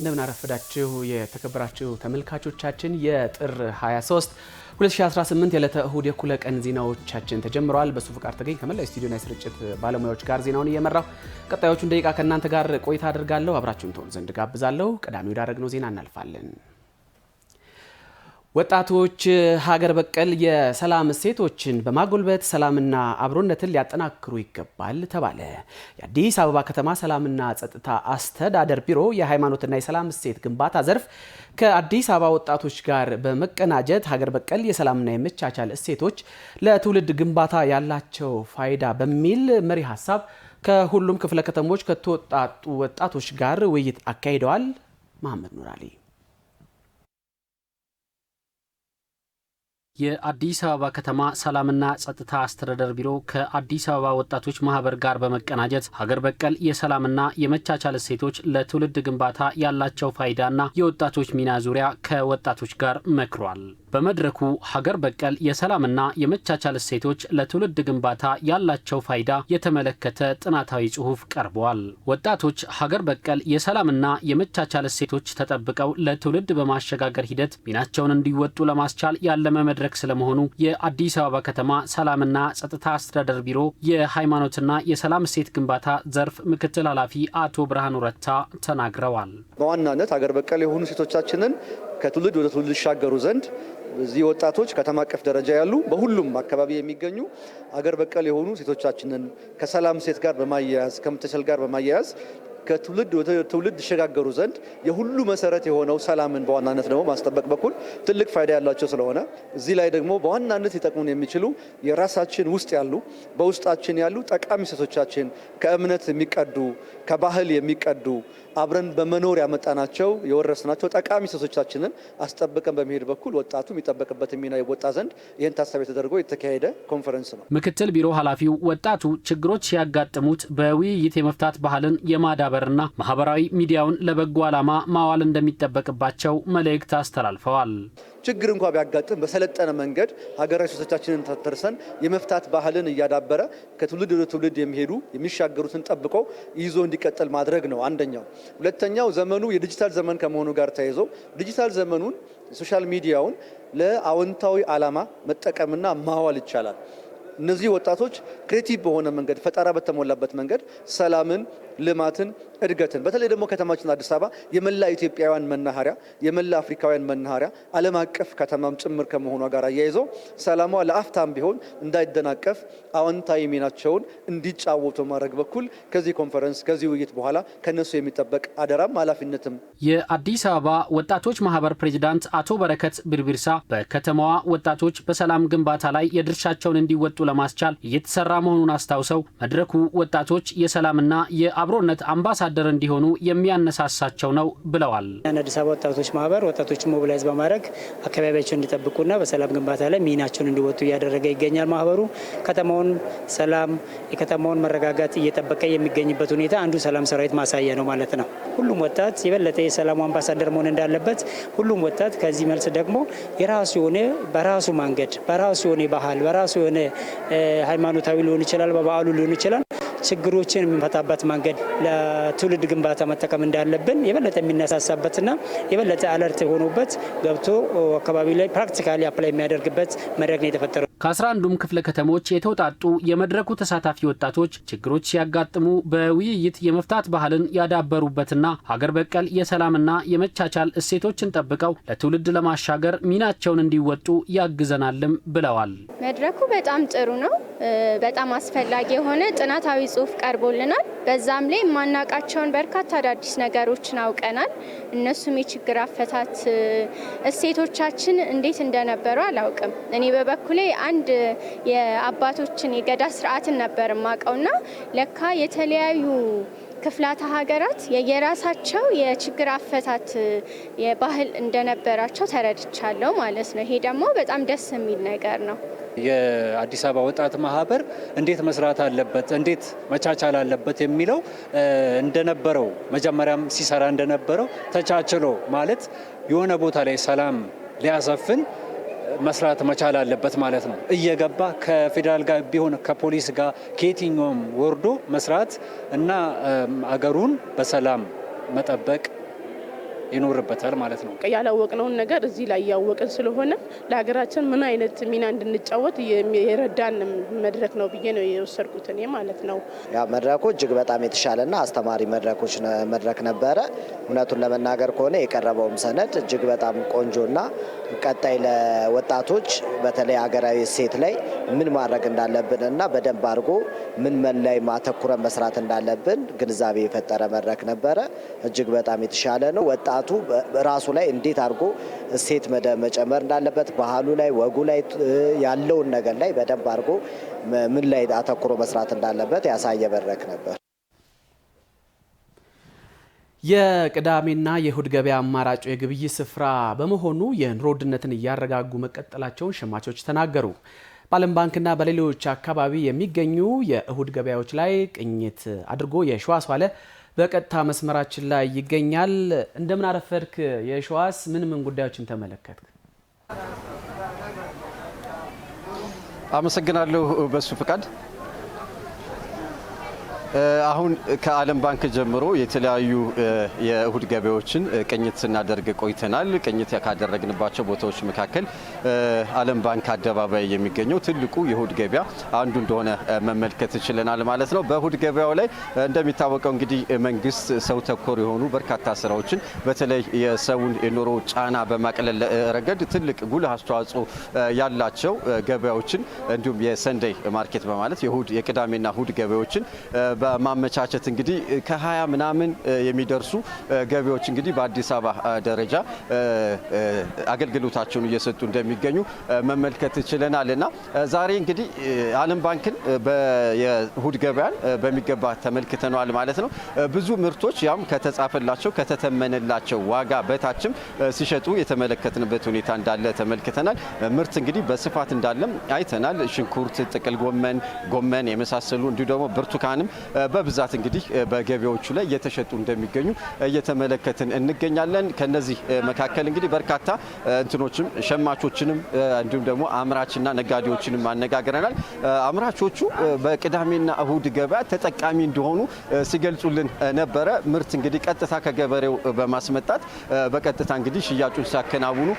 እንደምን አረፈዳችሁ የተከበራችሁ ተመልካቾቻችን። የጥር 23 2018 የዕለተ እሁድ የኩለ ቀን ዜናዎቻችን ተጀምረዋል። በሱ ፍቃድ ተገኝ ከመላው ና የስርጭት ባለሙያዎች ጋር ዜናውን እየመራው ቀጣዮቹን ደቂቃ ከእናንተ ጋር ቆይታ አድርጋለሁ። አብራችሁን ትሆኑ ዘንድ ጋብዛለሁ። ቀዳሚው ዳረግነው ዜና እናልፋለን። ወጣቶች ሀገር በቀል የሰላም እሴቶችን በማጎልበት ሰላምና አብሮነትን ሊያጠናክሩ ይገባል ተባለ። የአዲስ አበባ ከተማ ሰላምና ጸጥታ አስተዳደር ቢሮ የሃይማኖትና የሰላም እሴት ግንባታ ዘርፍ ከአዲስ አበባ ወጣቶች ጋር በመቀናጀት ሀገር በቀል የሰላምና የመቻቻል እሴቶች ለትውልድ ግንባታ ያላቸው ፋይዳ በሚል መሪ ሀሳብ ከሁሉም ክፍለ ከተሞች ከተወጣጡ ወጣቶች ጋር ውይይት አካሂደዋል። መሐመድ ኑራሌ የአዲስ አበባ ከተማ ሰላምና ጸጥታ አስተዳደር ቢሮ ከአዲስ አበባ ወጣቶች ማህበር ጋር በመቀናጀት ሀገር በቀል የሰላምና የመቻቻል እሴቶች ለትውልድ ግንባታ ያላቸው ፋይዳና የወጣቶች ሚና ዙሪያ ከወጣቶች ጋር መክሯል። በመድረኩ ሀገር በቀል የሰላምና የመቻቻል እሴቶች ለትውልድ ግንባታ ያላቸው ፋይዳ የተመለከተ ጥናታዊ ጽሑፍ ቀርበዋል። ወጣቶች ሀገር በቀል የሰላምና የመቻቻል እሴቶች ተጠብቀው ለትውልድ በማሸጋገር ሂደት ሚናቸውን እንዲወጡ ለማስቻል ያለመ መድረክ መድረክ ስለመሆኑ የአዲስ አበባ ከተማ ሰላምና ጸጥታ አስተዳደር ቢሮ የሃይማኖትና የሰላም እሴት ግንባታ ዘርፍ ምክትል ኃላፊ አቶ ብርሃኑ ረታ ተናግረዋል። በዋናነት አገር በቀል የሆኑ ሴቶቻችንን ከትውልድ ወደ ትውልድ ይሻገሩ ዘንድ እዚህ ወጣቶች ከተማ አቀፍ ደረጃ ያሉ በሁሉም አካባቢ የሚገኙ አገር በቀል የሆኑ ሴቶቻችንን ከሰላም ሴት ጋር በማያያዝ ከምትችል ጋር በማያያዝ ከትውልድ ወደ ትውልድ ይሸጋገሩ ዘንድ የሁሉ መሰረት የሆነው ሰላምን በዋናነት ደግሞ ማስጠበቅ በኩል ትልቅ ፋይዳ ያላቸው ስለሆነ እዚህ ላይ ደግሞ በዋናነት ሊጠቅሙን የሚችሉ የራሳችን ውስጥ ያሉ በውስጣችን ያሉ ጠቃሚ ሴቶቻችን ከእምነት የሚቀዱ ከባህል የሚቀዱ አብረን በመኖር ያመጣናቸው የወረስናቸው ጠቃሚ ሴቶቻችንን አስጠብቀን በመሄድ በኩል ወጣቱ የሚጠበቅበት የሚና ይወጣ ዘንድ ይህን ታሳቢ ተደርጎ የተካሄደ ኮንፈረንስ ነው። ምክትል ቢሮ ኃላፊው ወጣቱ ችግሮች ሲያጋጥሙት በውይይት የመፍታት ባህልን የማዳ ማዳበርና ማህበራዊ ሚዲያውን ለበጎ ዓላማ ማዋል እንደሚጠበቅባቸው መልእክት አስተላልፈዋል። ችግር እንኳ ቢያጋጥም በሰለጠነ መንገድ ሀገራዊ ሶሶቻችንን ተተርሰን የመፍታት ባህልን እያዳበረ ከትውልድ ወደ ትውልድ የሚሄዱ የሚሻገሩትን ጠብቆ ይዞ እንዲቀጥል ማድረግ ነው አንደኛው። ሁለተኛው ዘመኑ የዲጂታል ዘመን ከመሆኑ ጋር ተያይዞ ዲጂታል ዘመኑን ሶሻል ሚዲያውን ለአዎንታዊ ዓላማ መጠቀምና ማዋል ይቻላል። እነዚህ ወጣቶች ክሬቲቭ በሆነ መንገድ ፈጠራ በተሞላበት መንገድ ሰላምን፣ ልማትን፣ እድገትን በተለይ ደግሞ ከተማችን አዲስ አበባ የመላ ኢትዮጵያውያን መናኸሪያ፣ የመላ አፍሪካውያን መናኸሪያ፣ ዓለም አቀፍ ከተማም ጭምር ከመሆኗ ጋር አያይዞ ሰላሟ ለአፍታም ቢሆን እንዳይደናቀፍ አዎንታዊ ሚናቸውን እንዲጫወቱ ማድረግ በኩል ከዚህ ኮንፈረንስ ከዚህ ውይይት በኋላ ከነሱ የሚጠበቅ አደራም ኃላፊነትም። የአዲስ አበባ ወጣቶች ማህበር ፕሬዚዳንት አቶ በረከት ቢርቢርሳ በከተማዋ ወጣቶች በሰላም ግንባታ ላይ የድርሻቸውን እንዲወጡ ለማስቻል እየተሰራ መሆኑን አስታውሰው መድረኩ ወጣቶች የሰላምና የአብ አብሮነት አምባሳደር እንዲሆኑ የሚያነሳሳቸው ነው ብለዋል። አዲስ አበባ ወጣቶች ማህበር ወጣቶችን ሞቢላይዝ በማድረግ አካባቢያቸውን እንዲጠብቁና በሰላም ግንባታ ላይ ሚናቸውን እንዲወጡ እያደረገ ይገኛል። ማህበሩ ከተማውን ሰላም፣ የከተማውን መረጋጋት እየጠበቀ የሚገኝበት ሁኔታ አንዱ ሰላም ሰራዊት ማሳያ ነው ማለት ነው። ሁሉም ወጣት የበለጠ የሰላሙ አምባሳደር መሆን እንዳለበት ሁሉም ወጣት ከዚህ መልስ ደግሞ የራሱ የሆነ በራሱ መንገድ በራሱ የሆነ ባህል በራሱ የሆነ ሃይማኖታዊ ሊሆን ይችላል፣ በበዓሉ ሊሆን ይችላል ችግሮችን የምንፈታበት መንገድ ለትውልድ ግንባታ መጠቀም እንዳለብን የበለጠ የሚነሳሳበትና የበለጠ አለርት የሆኑበት ገብቶ አካባቢ ላይ ፕራክቲካሊ አፕላይ የሚያደርግበት መድረክ ነው የተፈጠረው። ከ11ዱም ክፍለ ከተሞች የተውጣጡ የመድረኩ ተሳታፊ ወጣቶች ችግሮች ሲያጋጥሙ በውይይት የመፍታት ባህልን ያዳበሩበትና ሀገር በቀል የሰላምና የመቻቻል እሴቶችን ጠብቀው ለትውልድ ለማሻገር ሚናቸውን እንዲወጡ ያግዘናልም ብለዋል። መድረኩ በጣም ጥሩ ነው። በጣም አስፈላጊ የሆነ ጥናታዊ ጽሑፍ ቀርቦልናል። በዛም ላይ የማናቃቸውን በርካታ አዳዲስ ነገሮችን አውቀናል። እነሱም የችግር አፈታት እሴቶቻችን እንዴት እንደነበሩ አላውቅም። እኔ በበኩሌ አንድ የአባቶችን የገዳ ስርዓትን ነበር የማውቀውና ለካ የተለያዩ ክፍላተ ሀገራት የየራሳቸው የችግር አፈታት የባህል እንደነበራቸው ተረድቻለሁ ማለት ነው። ይሄ ደግሞ በጣም ደስ የሚል ነገር ነው። የአዲስ አበባ ወጣት ማህበር እንዴት መስራት አለበት፣ እንዴት መቻቻል አለበት የሚለው እንደነበረው መጀመሪያም ሲሰራ እንደነበረው ተቻችሎ ማለት የሆነ ቦታ ላይ ሰላም ሊያሰፍን መስራት መቻል አለበት ማለት ነው። እየገባ ከፌዴራል ጋር ቢሆን ከፖሊስ ጋር ከየትኛውም ወርዶ መስራት እና አገሩን በሰላም መጠበቅ ይኖርበታል ማለት ነው። ያላወቅነውን ነገር እዚህ ላይ እያወቅን ስለሆነ ለሀገራችን ምን አይነት ሚና እንድንጫወት የረዳን መድረክ ነው ብዬ ነው የወሰድኩት እኔ ማለት ነው። ያ መድረኩ እጅግ በጣም የተሻለና አስተማሪ መድረኮች መድረክ ነበረ። እውነቱን ለመናገር ከሆነ የቀረበውም ሰነድ እጅግ በጣም ቆንጆና ቀጣይ ለወጣቶች በተለይ ሀገራዊ እሴት ላይ ምን ማድረግ እንዳለብን እና በደንብ አድርጎ ምን መላይ ማተኩረን መስራት እንዳለብን ግንዛቤ የፈጠረ መድረክ ነበረ። እጅግ በጣም የተሻለ ነው ወጣ ስርዓቱ ራሱ ላይ እንዴት አድርጎ እሴት መጨመር እንዳለበት ባህሉ ላይ ወጉ ላይ ያለውን ነገር ላይ በደንብ አድርጎ ምን ላይ አተኩሮ መስራት እንዳለበት ያሳየ መድረክ ነበር። የቅዳሜና የእሁድ ገበያ አማራጩ የግብይት ስፍራ በመሆኑ የኑሮ ውድነትን እያረጋጉ መቀጠላቸውን ሸማቾች ተናገሩ። በዓለም ባንክና በሌሎች አካባቢ የሚገኙ የእሁድ ገበያዎች ላይ ቅኝት አድርጎ የሸዋስ ዋለ በቀጥታ መስመራችን ላይ ይገኛል። እንደምን አረፈድክ የሸዋስ? ምን ምን ጉዳዮችን ተመለከትክ? አመሰግናለሁ በሱ ፍቃድ አሁን ከዓለም ባንክ ጀምሮ የተለያዩ የእሁድ ገበያዎችን ቅኝት ስናደርግ ቆይተናል። ቅኝት ካደረግንባቸው ቦታዎች መካከል ዓለም ባንክ አደባባይ የሚገኘው ትልቁ የእሁድ ገበያ አንዱ እንደሆነ መመልከት ችለናል ማለት ነው። በእሁድ ገበያው ላይ እንደሚታወቀው እንግዲህ መንግስት ሰው ተኮር የሆኑ በርካታ ስራዎችን በተለይ የሰውን የኑሮ ጫና በማቅለል ረገድ ትልቅ ጉልህ አስተዋጽኦ ያላቸው ገበያዎችን እንዲሁም የሰንደይ ማርኬት በማለት የእሁድ የቅዳሜና እሁድ ገበያዎችን በማመቻቸት እንግዲህ ከሀያ ምናምን የሚደርሱ ገቢዎች እንግዲህ በአዲስ አበባ ደረጃ አገልግሎታቸውን እየሰጡ እንደሚገኙ መመልከት ችለናል እና ዛሬ እንግዲህ ዓለም ባንክን የእሁድ ገበያን በሚገባ ተመልክተነዋል ማለት ነው። ብዙ ምርቶች ያም ከተጻፈላቸው ከተተመነላቸው ዋጋ በታችም ሲሸጡ የተመለከትንበት ሁኔታ እንዳለ ተመልክተናል። ምርት እንግዲህ በስፋት እንዳለም አይተናል። ሽንኩርት፣ ጥቅል ጎመን፣ ጎመን የመሳሰሉ እንዲሁ ደግሞ ብርቱካንም በብዛት እንግዲህ በገበያዎቹ ላይ እየተሸጡ እንደሚገኙ እየተመለከትን እንገኛለን። ከነዚህ መካከል እንግዲህ በርካታ እንትኖችም ሸማቾችንም እንዲሁም ደግሞ አምራችና ነጋዴዎችንም አነጋግረናል። አምራቾቹ በቅዳሜና እሁድ ገበያ ተጠቃሚ እንደሆኑ ሲገልጹልን ነበረ። ምርት እንግዲህ ቀጥታ ከገበሬው በማስመጣት በቀጥታ እንግዲህ ሽያጩን ሲያከናውኑ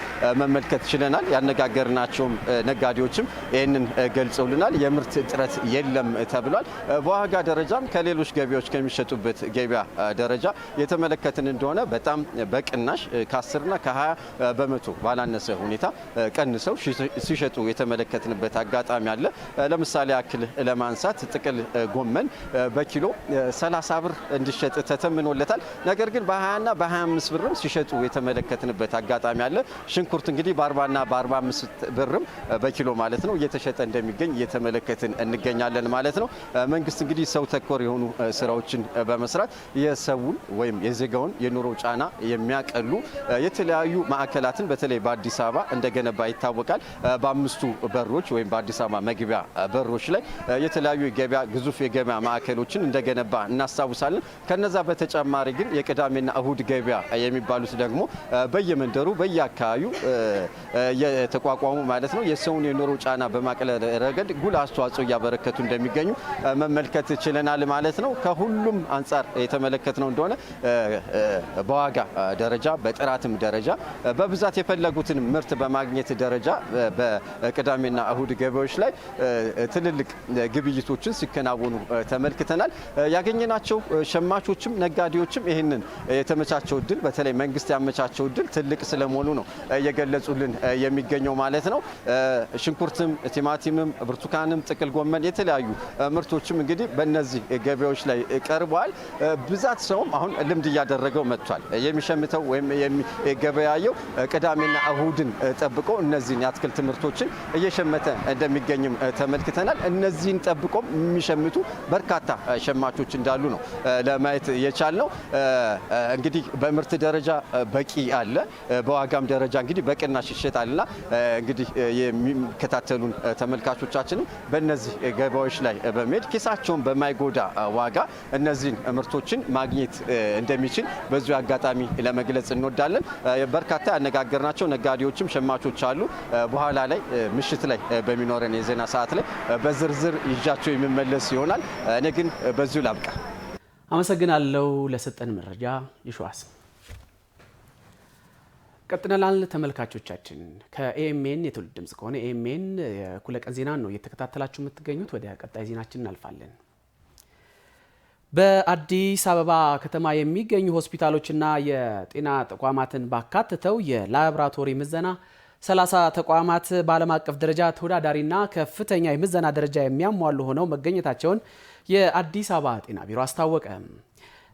መመልከት ችለናል። ያነጋገርናቸውም ነጋዴዎችም ይህንን ገልጸውልናል። የምርት እጥረት የለም ተብሏል። በዋጋ ደረጃ በጣም ከሌሎች ገቢዎች ከሚሸጡበት ገበያ ደረጃ የተመለከትን እንደሆነ በጣም በቅናሽ ከአስርና 20 በመቶ ባላነሰ ሁኔታ ቀንሰው ሲሸጡ የተመለከትንበት አጋጣሚ አለ። ለምሳሌ አክል ለማንሳት ጥቅል ጎመን በኪሎ 30 ብር እንዲሸጥ ተተምኖለታል። ነገር ግን በ20ና በ25 ብርም ሲሸጡ የተመለከትንበት አጋጣሚ አለ። ሽንኩርት እንግዲህ በ40ና በ45 ብርም በኪሎ ማለት ነው እየተሸጠ እንደሚገኝ እየተመለከትን እንገኛለን ማለት ነው። መንግስት እንግዲህ ሰው ተኮ ተኮር የሆኑ ስራዎችን በመስራት የሰውን ወይም የዜጋውን የኑሮ ጫና የሚያቀሉ የተለያዩ ማዕከላትን በተለይ በአዲስ አበባ እንደገነባ ይታወቃል። በአምስቱ በሮች ወይም በአዲስ አበባ መግቢያ በሮች ላይ የተለያዩ የገበያ ግዙፍ የገበያ ማዕከሎችን እንደገነባ እናስታውሳለን። ከነዛ በተጨማሪ ግን የቅዳሜና እሁድ ገበያ የሚባሉት ደግሞ በየመንደሩ በየአካባቢው የተቋቋሙ ማለት ነው የሰውን የኑሮ ጫና በማቅለል ረገድ ጉል አስተዋጽኦ እያበረከቱ እንደሚገኙ መመልከት ችለናል። ይችላል ማለት ነው። ከሁሉም አንጻር የተመለከትነው እንደሆነ በዋጋ ደረጃ በጥራትም ደረጃ በብዛት የፈለጉትን ምርት በማግኘት ደረጃ በቅዳሜና እሁድ ገበያዎች ላይ ትልልቅ ግብይቶችን ሲከናወኑ ተመልክተናል። ያገኘናቸው ሸማቾችም ነጋዴዎችም ይህንን የተመቻቸው እድል በተለይ መንግስት ያመቻቸው እድል ትልቅ ስለመሆኑ ነው እየገለጹልን የሚገኘው ማለት ነው። ሽንኩርትም፣ ቲማቲምም፣ ብርቱካንም፣ ጥቅል ጎመን የተለያዩ ምርቶችም እንግዲህ በነዚህ ገበያዎች ላይ ቀርቧል። ብዛት ሰውም አሁን ልምድ እያደረገው መጥቷል። የሚሸምተው ወይም ገበያየው ቅዳሜና እሁድን ጠብቆ እነዚህን የአትክልት ምርቶችን እየሸመተ እንደሚገኝም ተመልክተናል። እነዚህን ጠብቆም የሚሸምቱ በርካታ ሸማቾች እንዳሉ ነው ለማየት የቻልነው። እንግዲህ በምርት ደረጃ በቂ አለ፣ በዋጋም ደረጃ እንግዲህ በቅናሽ ይሸጣልና እንግዲህ የሚከታተሉን ተመልካቾቻችንም በእነዚህ ገበያዎች ላይ በመሄድ ኪሳቸውን በማይጎ በማይጎዳ ዋጋ እነዚህን ምርቶችን ማግኘት እንደሚችል በዚሁ አጋጣሚ ለመግለጽ እንወዳለን። በርካታ ያነጋገርናቸው ነጋዴዎችም ሸማቾች አሉ። በኋላ ላይ ምሽት ላይ በሚኖረን የዜና ሰዓት ላይ በዝርዝር ይዣቸው የሚመለስ ይሆናል። እኔ ግን በዚሁ ላብቃ። አመሰግናለሁ ለሰጠን መረጃ ይሸዋስ። ቀጥለናል ተመልካቾቻችን። ከኤኤምኤን የትውልድ ድምጽ ከሆነ ኤኤምኤን የእኩለ ቀን ዜና ነው እየተከታተላችሁ የምትገኙት። ወደ ቀጣይ ዜናችን እናልፋለን። በአዲስ አበባ ከተማ የሚገኙ ሆስፒታሎችና የጤና ተቋማትን ባካትተው የላብራቶሪ ምዘና 30 ተቋማት በዓለም አቀፍ ደረጃ ተወዳዳሪና ከፍተኛ የምዘና ደረጃ የሚያሟሉ ሆነው መገኘታቸውን የአዲስ አበባ ጤና ቢሮ አስታወቀ።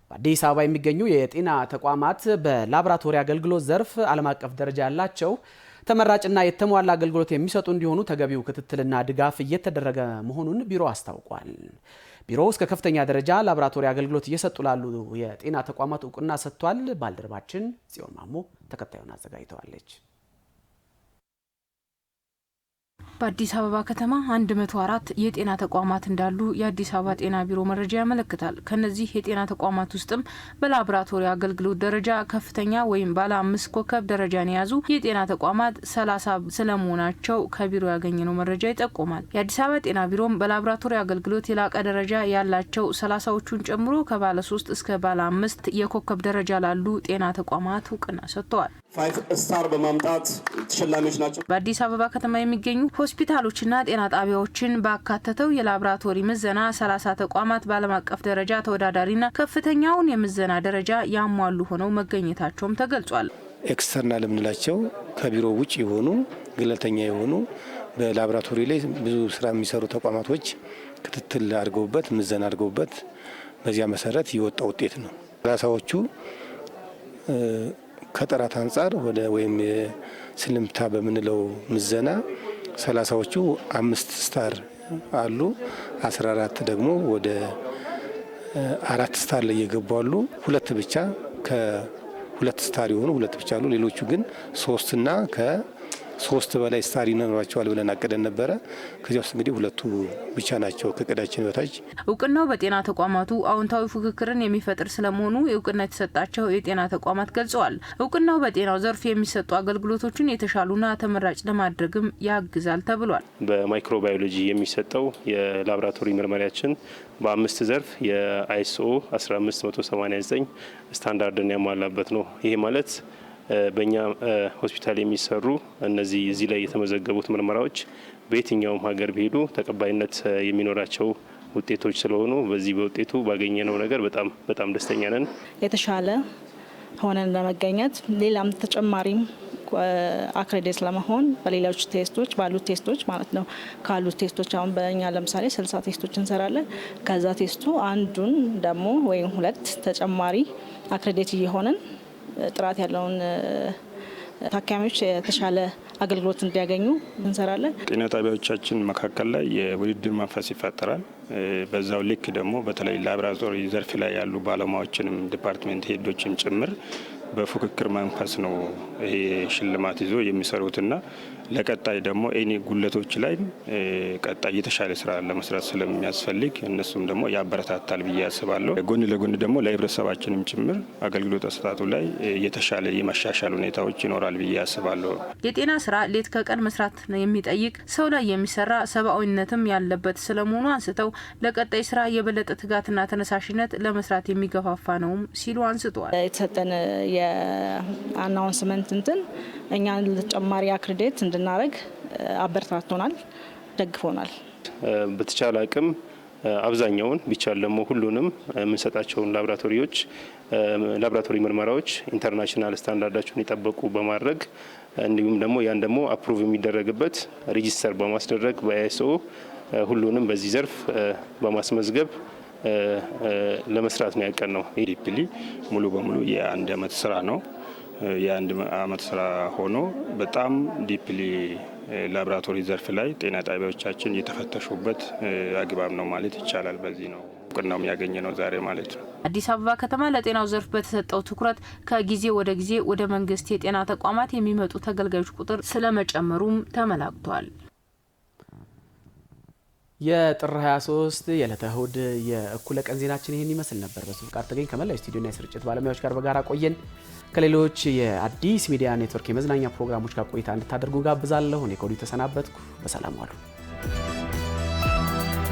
በአዲስ አበባ የሚገኙ የጤና ተቋማት በላብራቶሪ አገልግሎት ዘርፍ ዓለም አቀፍ ደረጃ ያላቸው ተመራጭና የተሟላ አገልግሎት የሚሰጡ እንዲሆኑ ተገቢው ክትትልና ድጋፍ እየተደረገ መሆኑን ቢሮ አስታውቋል። ቢሮው እስከ ከፍተኛ ደረጃ ላቦራቶሪ አገልግሎት እየሰጡ ላሉ የጤና ተቋማት እውቅና ሰጥቷል። ባልደረባችን ጽዮን ማሞ ተከታዩን አዘጋጅተዋለች። በአዲስ አበባ ከተማ 104 የጤና ተቋማት እንዳሉ የአዲስ አበባ ጤና ቢሮ መረጃ ያመለክታል። ከነዚህ የጤና ተቋማት ውስጥም በላቦራቶሪ አገልግሎት ደረጃ ከፍተኛ ወይም ባለ አምስት ኮከብ ደረጃን የያዙ የጤና ተቋማት 30 ስለመሆናቸው ከቢሮ ያገኘነው መረጃ ይጠቁማል። የአዲስ አበባ ጤና ቢሮም በላቦራቶሪ አገልግሎት የላቀ ደረጃ ያላቸው ሰላሳዎቹን ጨምሮ ከባለ ሶስት እስከ ባለ አምስት የኮከብ ደረጃ ላሉ ጤና ተቋማት እውቅና ሰጥተዋል። ፋይቭ ስታር በማምጣት ተሸላሚዎች ናቸው። በአዲስ አበባ ከተማ የሚገኙ ሆስፒታሎችና ጤና ጣቢያዎችን ባካተተው የላብራቶሪ ምዘና ሰላሳ ተቋማት በዓለም አቀፍ ደረጃ ተወዳዳሪና ከፍተኛውን የምዘና ደረጃ ያሟሉ ሆነው መገኘታቸውም ተገልጿል። ኤክስተርናል የምንላቸው ከቢሮ ውጭ የሆኑ ገለልተኛ የሆኑ በላብራቶሪ ላይ ብዙ ስራ የሚሰሩ ተቋማቶች ክትትል አድርገውበት ምዘና አድርገውበት በዚያ መሰረት የወጣ ውጤት ነው። ራሳዎቹ ከጥራት አንጻር ወደ ወይም ስልምታ በምንለው ምዘና ሰላሳዎቹ አምስት ስታር አሉ። አስራ አራት ደግሞ ወደ አራት ስታር ላይ የገቡ አሉ። ሁለት ብቻ ከሁለት ስታር የሆኑ ሁለት ብቻ አሉ። ሌሎቹ ግን ሶስትና ከ ሶስት በላይ ስታር ይኖራቸዋል ብለን አቅደን ነበረ። ከዚያ ውስጥ እንግዲህ ሁለቱ ብቻ ናቸው ከቅዳችን በታች። እውቅናው በጤና ተቋማቱ አዎንታዊ ፉክክርን የሚፈጥር ስለመሆኑ እውቅና የተሰጣቸው የጤና ተቋማት ገልጸዋል። እውቅናው በጤናው ዘርፍ የሚሰጡ አገልግሎቶችን የተሻሉና ተመራጭ ለማድረግም ያግዛል ተብሏል። በማይክሮባዮሎጂ የሚሰጠው የላብራቶሪ ምርመሪያችን በአምስት ዘርፍ የአይኤስኦ 15189 ስታንዳርድን ያሟላበት ነው። ይሄ ማለት በእኛ ሆስፒታል የሚሰሩ እነዚህ እዚህ ላይ የተመዘገቡት ምርመራዎች በየትኛውም ሀገር ቢሄዱ ተቀባይነት የሚኖራቸው ውጤቶች ስለሆኑ በዚህ በውጤቱ ባገኘነው ነገር በጣም በጣም ደስተኛ ነን። የተሻለ ሆነን ለመገኘት ሌላም ተጨማሪም አክሬዴት ለመሆን በሌሎች ቴስቶች ባሉት ቴስቶች ማለት ነው ካሉት ቴስቶች አሁን በእኛ ለምሳሌ ስልሳ ቴስቶች እንሰራለን። ከዛ ቴስቱ አንዱን ደግሞ ወይም ሁለት ተጨማሪ አክሬዴት እየሆንን ጥራት ያለውን ታካሚዎች የተሻለ አገልግሎት እንዲያገኙ እንሰራለን። ጤና ጣቢያዎቻችን መካከል ላይ የውድድር መንፈስ ይፈጠራል። በዛው ልክ ደግሞ በተለይ ላብራቶሪ ዘርፍ ላይ ያሉ ባለሙያዎችንም ዲፓርትሜንት ሄዶችም ጭምር በፉክክር መንፈስ ነው ይሄ ሽልማት ይዞ የሚሰሩትና ለቀጣይ ደግሞ እኔ ጉለቶች ላይ ቀጣይ የተሻለ ስራ ለመስራት ስለሚያስፈልግ እነሱም ደግሞ ያበረታታል ብዬ ያስባለሁ። ጎን ለጎን ደግሞ ለህብረተሰባችንም ጭምር አገልግሎት አሰጣጡ ላይ የተሻለ የመሻሻል ሁኔታዎች ይኖራል ብዬ ያስባለሁ። የጤና ስራ ሌት ከቀን መስራት የሚጠይቅ ሰው ላይ የሚሰራ ሰብአዊነትም ያለበት ስለመሆኑ አንስተው ለቀጣይ ስራ የበለጠ ትጋትና ተነሳሽነት ለመስራት የሚገፋፋ ነውም ሲሉ አንስተዋል። የተሰጠን የአናውንስመንት እንትን እኛን ተጨማሪ አክሪዴት እንድናደረግ አበረታቶናል፣ ደግፎናል። በተቻለ አቅም አብዛኛውን ቢቻል ደግሞ ሁሉንም የምንሰጣቸውን ላቦራቶሪዎች ላቦራቶሪ ምርመራዎች ኢንተርናሽናል ስታንዳርዳቸውን የጠበቁ በማድረግ እንዲሁም ደግሞ ያን ደግሞ አፕሩቭ የሚደረግበት ሬጂስተር በማስደረግ በአይኤስኦ ሁሉንም በዚህ ዘርፍ በማስመዝገብ ለመስራት ነው ያቀን ነው። ዲፕሊ ሙሉ በሙሉ የአንድ አመት ስራ ነው። የአንድ አመት ስራ ሆኖ በጣም ዲፕሊ ላብራቶሪ ዘርፍ ላይ ጤና ጣቢያዎቻችን የተፈተሹበት አግባብ ነው ማለት ይቻላል። በዚህ ነው እውቅናውም ያገኘ ነው ዛሬ ማለት ነው። አዲስ አበባ ከተማ ለጤናው ዘርፍ በተሰጠው ትኩረት ከጊዜ ወደ ጊዜ ወደ መንግስት የጤና ተቋማት የሚመጡ ተገልጋዮች ቁጥር ስለመጨመሩም ተመላክቷል። የጥር 23 የዕለተ እሁድ የእኩለ ቀን ዜናችን ይህን ይመስል ነበር። በሱ ፍቃድ ተገኝ ከመላው ስቱዲዮና የስርጭት ባለሙያዎች ጋር በጋራ ቆየን። ከሌሎች የአዲስ ሚዲያ ኔትወርክ የመዝናኛ ፕሮግራሞች ጋር ቆይታ እንድታደርጉ ጋብዛለሁ። እኔ ከወዲሁ ተሰናበትኩ። በሰላም ዋሉ።